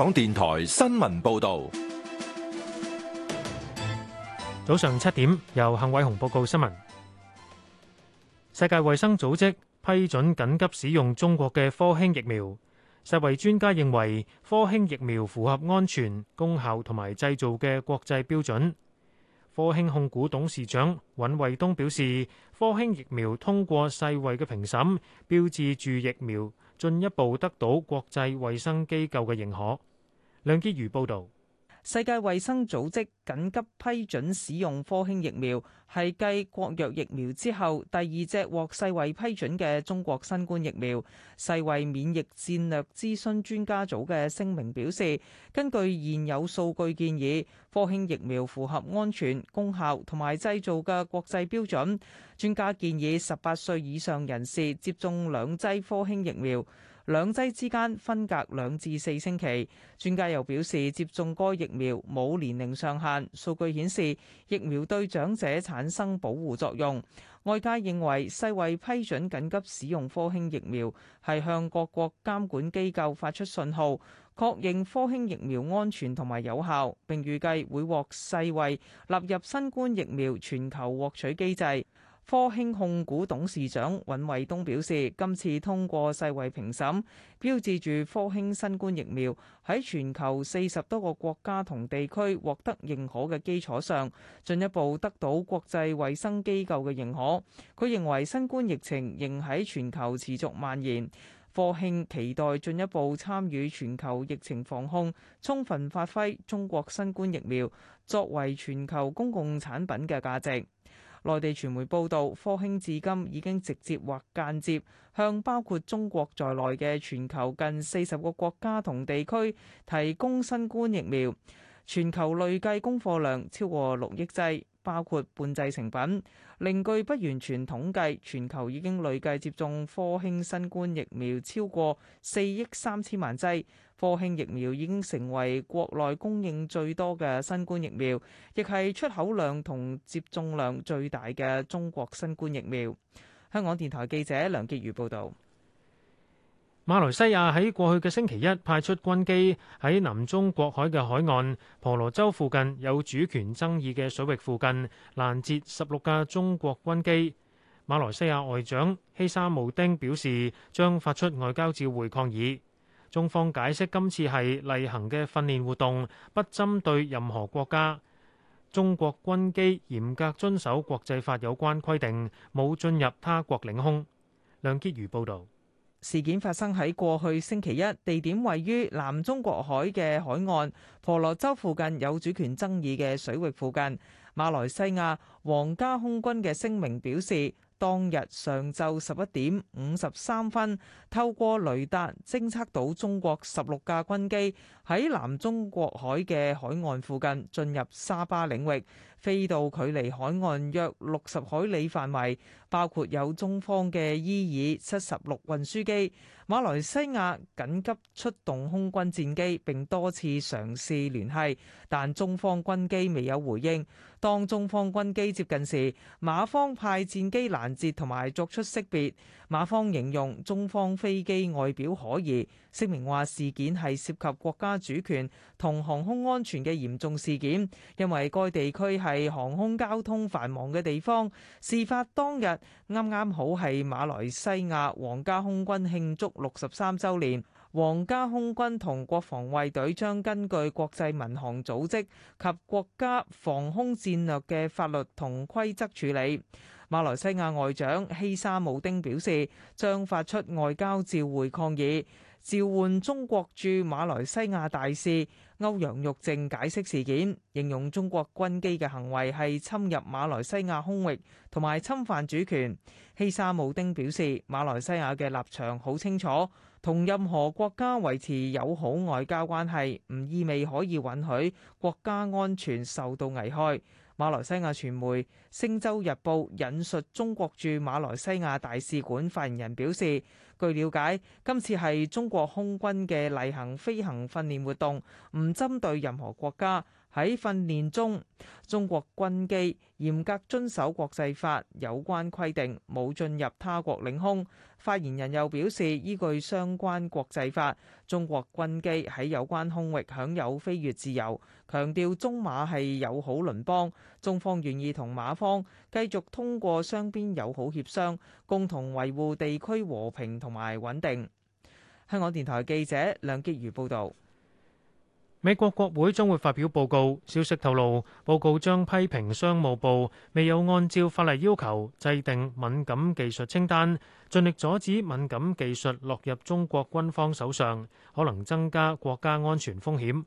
港電台新聞報道，早上七點由幸偉雄報告新聞。世界衛生組織批准緊急使用中國嘅科興疫苗。世衛專家認為科興疫苗符合安全、功效同埋製造嘅國際標準。科興控股董事長尹衛東表示，科興疫苗通過世衛嘅評審，標誌住疫苗進一步得到國際衛生機構嘅認可。梁潔如報道，世界衛生組織緊急批准使用科興疫苗，係繼國藥疫苗之後第二隻獲世衛批准嘅中國新冠疫苗。世衛免疫戰略諮詢專家組嘅聲明表示，根據現有數據建議，科興疫苗符合安全、功效同埋製造嘅國際標準。專家建議，十八歲以上人士接種兩劑科興疫苗。兩劑之間分隔兩至四星期。專家又表示，接種該疫苗冇年齡上限。數據顯示，疫苗對長者產生保護作用。外界認為，世衛批准緊急使用科興疫苗，係向各國監管機構發出信號，確認科興疫苗安全同埋有效，並預計會獲世衛納入新冠疫苗全球獲取機制。科興控股董事長尹衛東表示，今次通過世衛評審，標誌住科興新冠疫苗喺全球四十多個國家同地區獲得認可嘅基礎上，進一步得到國際衛生機構嘅認可。佢認為，新冠疫情仍喺全球持續蔓延，科興期待進一步參與全球疫情防控，充分發揮中國新冠疫苗作為全球公共產品嘅價值。內地傳媒報導，科興至今已經直接或間接向包括中國在內嘅全球近四十個國家同地區提供新冠疫苗，全球累計供貨量超過六億劑。包括半製成品。另據不完全統計，全球已經累計接種科興新冠疫苗超過四億三千萬劑。科興疫苗已經成為國內供應最多嘅新冠疫苗，亦係出口量同接種量最大嘅中國新冠疫苗。香港電台記者梁潔如報道。馬來西亞喺過去嘅星期一派出軍機，喺南中國海嘅海岸婆羅洲附近有主權爭議嘅水域附近攔截十六架中國軍機。馬來西亞外長希沙慕丁表示，將發出外交照會抗議。中方解釋今次係例行嘅訓練活動，不針對任何國家。中國軍機嚴格遵守國際法有關規定，冇進入他國領空。梁潔如報導。事件發生喺過去星期一，地點位於南中國海嘅海岸，婆羅洲附近有主權爭議嘅水域附近。馬來西亞皇家空軍嘅聲明表示。當日上晝十一點五十三分，透過雷達偵測到中國十六架軍機喺南中國海嘅海岸附近進入沙巴領域，飛到距離海岸約六十海里範圍，包括有中方嘅伊爾七十六運輸機。馬來西亞緊急出動空軍戰機，並多次嘗試聯繫，但中方軍機未有回應。當中方軍機接近時，馬方派戰機攔截同埋作出識別。馬方形容中方飛機外表可疑，聲明話事件係涉及國家主權同航空安全嘅嚴重事件，因為該地區係航空交通繁忙嘅地方。事發當日，啱啱好係馬來西亞皇家空軍慶祝，六十三周年，皇家空軍同國防衛隊將根據國際民航組織及國家防空戰略嘅法律同規則處理。馬來西亞外長希沙姆丁表示，將發出外交照會抗議，召喚中國駐馬來西亞大使。歐陽玉靖解釋事件，形容中國軍機嘅行為係侵入馬來西亞空域同埋侵犯主權。希沙姆丁表示，馬來西亞嘅立場好清楚，同任何國家維持友好外交關係唔意味可以允許國家安全受到危害。馬來西亞傳媒《星洲日報》引述中國駐馬來西亞大使館發言人表示。據了解，今次係中國空軍嘅例行飛行訓練活動，唔針對任何國家。喺訓練中，中國軍機嚴格遵守國際法有關規定，冇進入他國領空。發言人又表示，依據相關國際法，中國軍機喺有關空域享有飛越自由。強調中馬係友好鄰邦，中方願意同馬方繼續通過雙邊友好協商，共同維護地區和平同埋穩定。香港電台記者梁傑如報導。美國國會將會發表報告，消息透露，報告將批評商務部未有按照法例要求制定敏感技術清單，盡力阻止敏感技術落入中國軍方手上，可能增加國家安全風險。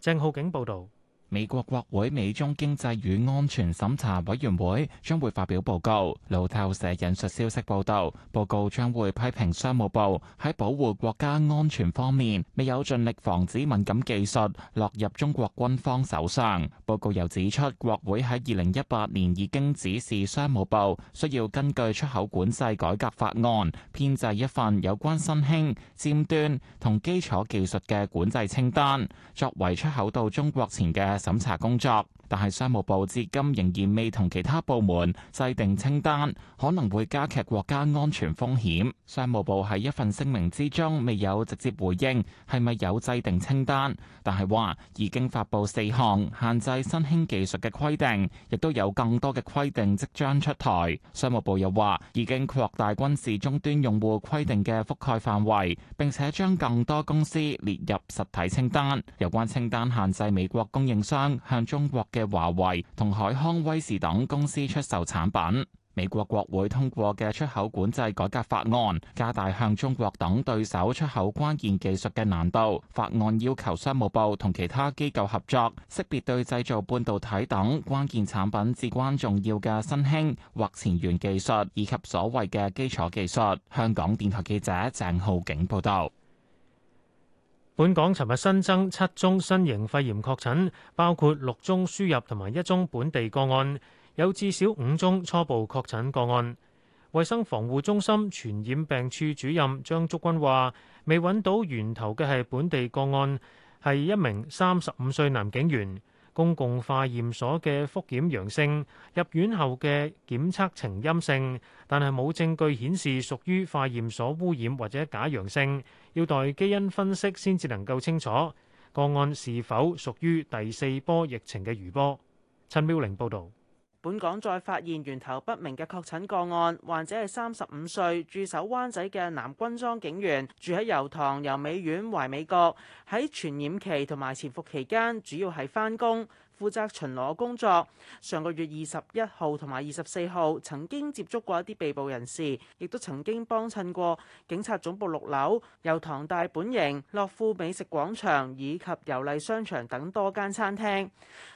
鄭浩景報道。美國國會美中經濟與安全審查委員會將會發表報告。路透社引述消息報道，報告將會批評商務部喺保護國家安全方面未有盡力防止敏感技術落入中國軍方手上。報告又指出，國會喺二零一八年已經指示商務部需要根據出口管制改革法案編制一份有關新興、尖端同基礎技術嘅管制清單，作為出口到中國前嘅審查工作。但係商務部至今仍然未同其他部門制定清單，可能會加劇國家安全風險，商務部喺一份聲明之中未有直接回應係咪有制定清單，但係話已經發布四項限制新興技術嘅規定，亦都有更多嘅規定即將出台。商務部又話已經擴大軍事終端用戶規定嘅覆蓋範圍，並且將更多公司列入實體清單，有關清單限制美國供應商向中國嘅。嘅華為同海康威視等公司出售產品。美國國會通過嘅出口管制改革法案，加大向中國等對手出口關鍵技術嘅難度。法案要求商務部同其他機構合作，識別對製造半導體等關鍵產品至關重要嘅新興或前沿技術，以及所謂嘅基礎技術。香港電台記者鄭浩景報道。本港尋日新增七宗新型肺炎確診，包括六宗輸入同埋一宗本地個案，有至少五宗初步確診個案。衛生防護中心傳染病處主任張竹君話，未揾到源頭嘅係本地個案，係一名三十五歲男警員，公共化驗所嘅複檢陽性，入院後嘅檢測呈陰性，但係冇證據顯示屬於化驗所污染或者假陽性。要待基因分析先至能夠清楚個案是否屬於第四波疫情嘅餘波。陳妙玲報道，本港再發現源頭不明嘅確診個案，患者係三十五歲，駐守灣仔嘅男軍裝警員，住喺油塘油美苑懷美閣，喺傳染期同埋潛伏期間主要係翻工。負責巡邏工作，上個月二十一號同埋二十四號曾經接觸過一啲被捕人士，亦都曾經幫襯過警察總部六樓、油塘大本營、樂富美食廣場以及油麗商場等多間餐廳。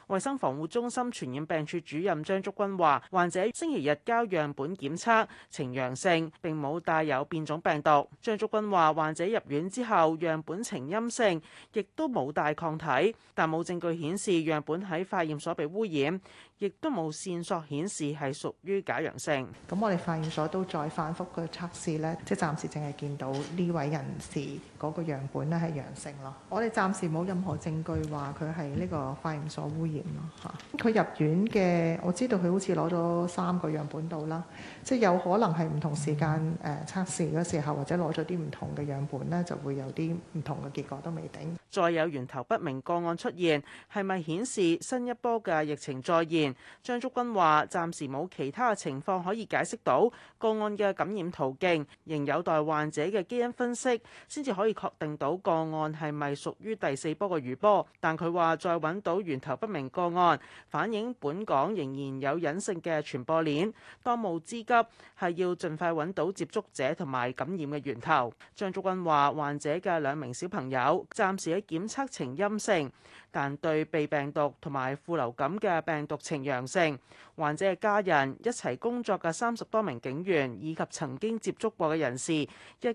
衛生防護中心傳染病處主任張竹君話，患者星期日交樣本檢測呈陽性，並冇帶有變種病毒。張竹君話，患者入院之後樣本呈陰性，亦都冇帶抗體，但冇證據顯示樣本喺化驗所被污染，亦都冇線索顯示係屬於假陽性。咁我哋化驗所都再反覆嘅測試呢，即係暫時淨係見到呢位人士嗰個樣本咧係陽性咯。我哋暫時冇任何證據話佢係呢個化驗所污染。咯嚇，佢入院嘅我知道佢好似攞咗三個樣本度啦，即係有可能係唔同時間誒測試嘅時候，或者攞咗啲唔同嘅樣本咧，就會有啲唔同嘅結果都未定。再有源頭不明個案出現，係咪顯示新一波嘅疫情再現？張竹君話暫時冇其他情況可以解釋到個案嘅感染途徑，仍有待患者嘅基因分析先至可以確定到個案係咪屬於第四波嘅餘波。但佢話再揾到源頭不明。個案反映本港仍然有隱性嘅傳播鏈，當務之急係要盡快揾到接觸者同埋感染嘅源頭。張竹君話：患者嘅兩名小朋友暫時喺檢測呈陰性，但對被病毒同埋副流感嘅病毒呈陽性。患者嘅家人一齊工作嘅三十多名警員以及曾經接觸過嘅人士，一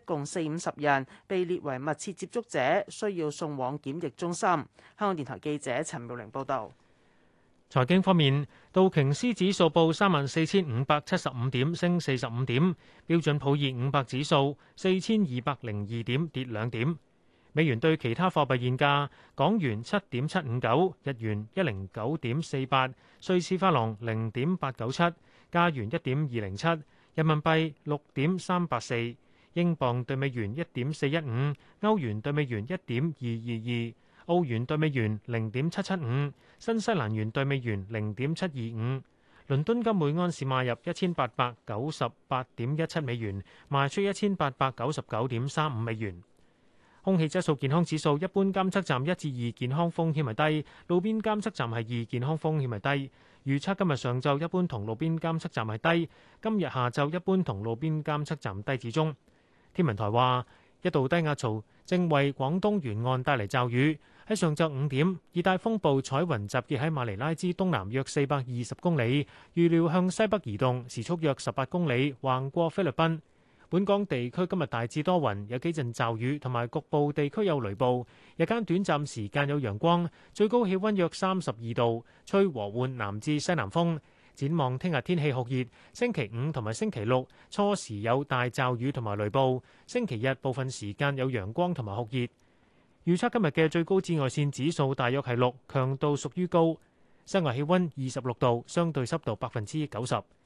共四五十人被列為密切接觸者，需要送往檢疫中心。香港電台記者陳妙玲報道。財經方面，道瓊斯指數報三萬四千五百七十五點，升四十五點；標準普爾五百指數四千二百零二點，跌兩點。美元對其他貨幣現價：港元七點七五九，日元一零九點四八，瑞士法郎零點八九七，加元一點二零七，人民幣六點三八四，英鎊對美元一點四一五，歐元對美元一點二二二。澳元兌美元零點七七五，新西蘭元兌美元零點七二五。倫敦金每安士買入一千八百九十八點一七美元，賣出一千八百九十九點三五美元。空氣質素健康指數，一般監測站一至二健康風險係低，路邊監測站係二健康風險係低。預測今日上晝一般同路邊監測站係低，今日下晝一般同路邊監測站低至中。天文台話，一道低壓槽正為廣東沿岸帶嚟驟雨。喺上晝五點，熱帶風暴彩雲集結喺馬尼拉之東南約四百二十公里，預料向西北移動，時速約十八公里，橫過菲律賓。本港地區今日大致多雲，有幾陣驟雨，同埋局部地區有雷暴。日間短暫時間有陽光，最高氣溫約三十二度，吹和緩南至西南風。展望聽日天氣酷熱，星期五同埋星期六初時有大驟雨同埋雷暴，星期日部分時間有陽光同埋酷熱。預測今日嘅最高紫外線指數大約係六，強度屬於高，室外氣溫二十六度，相對濕度百分之九十。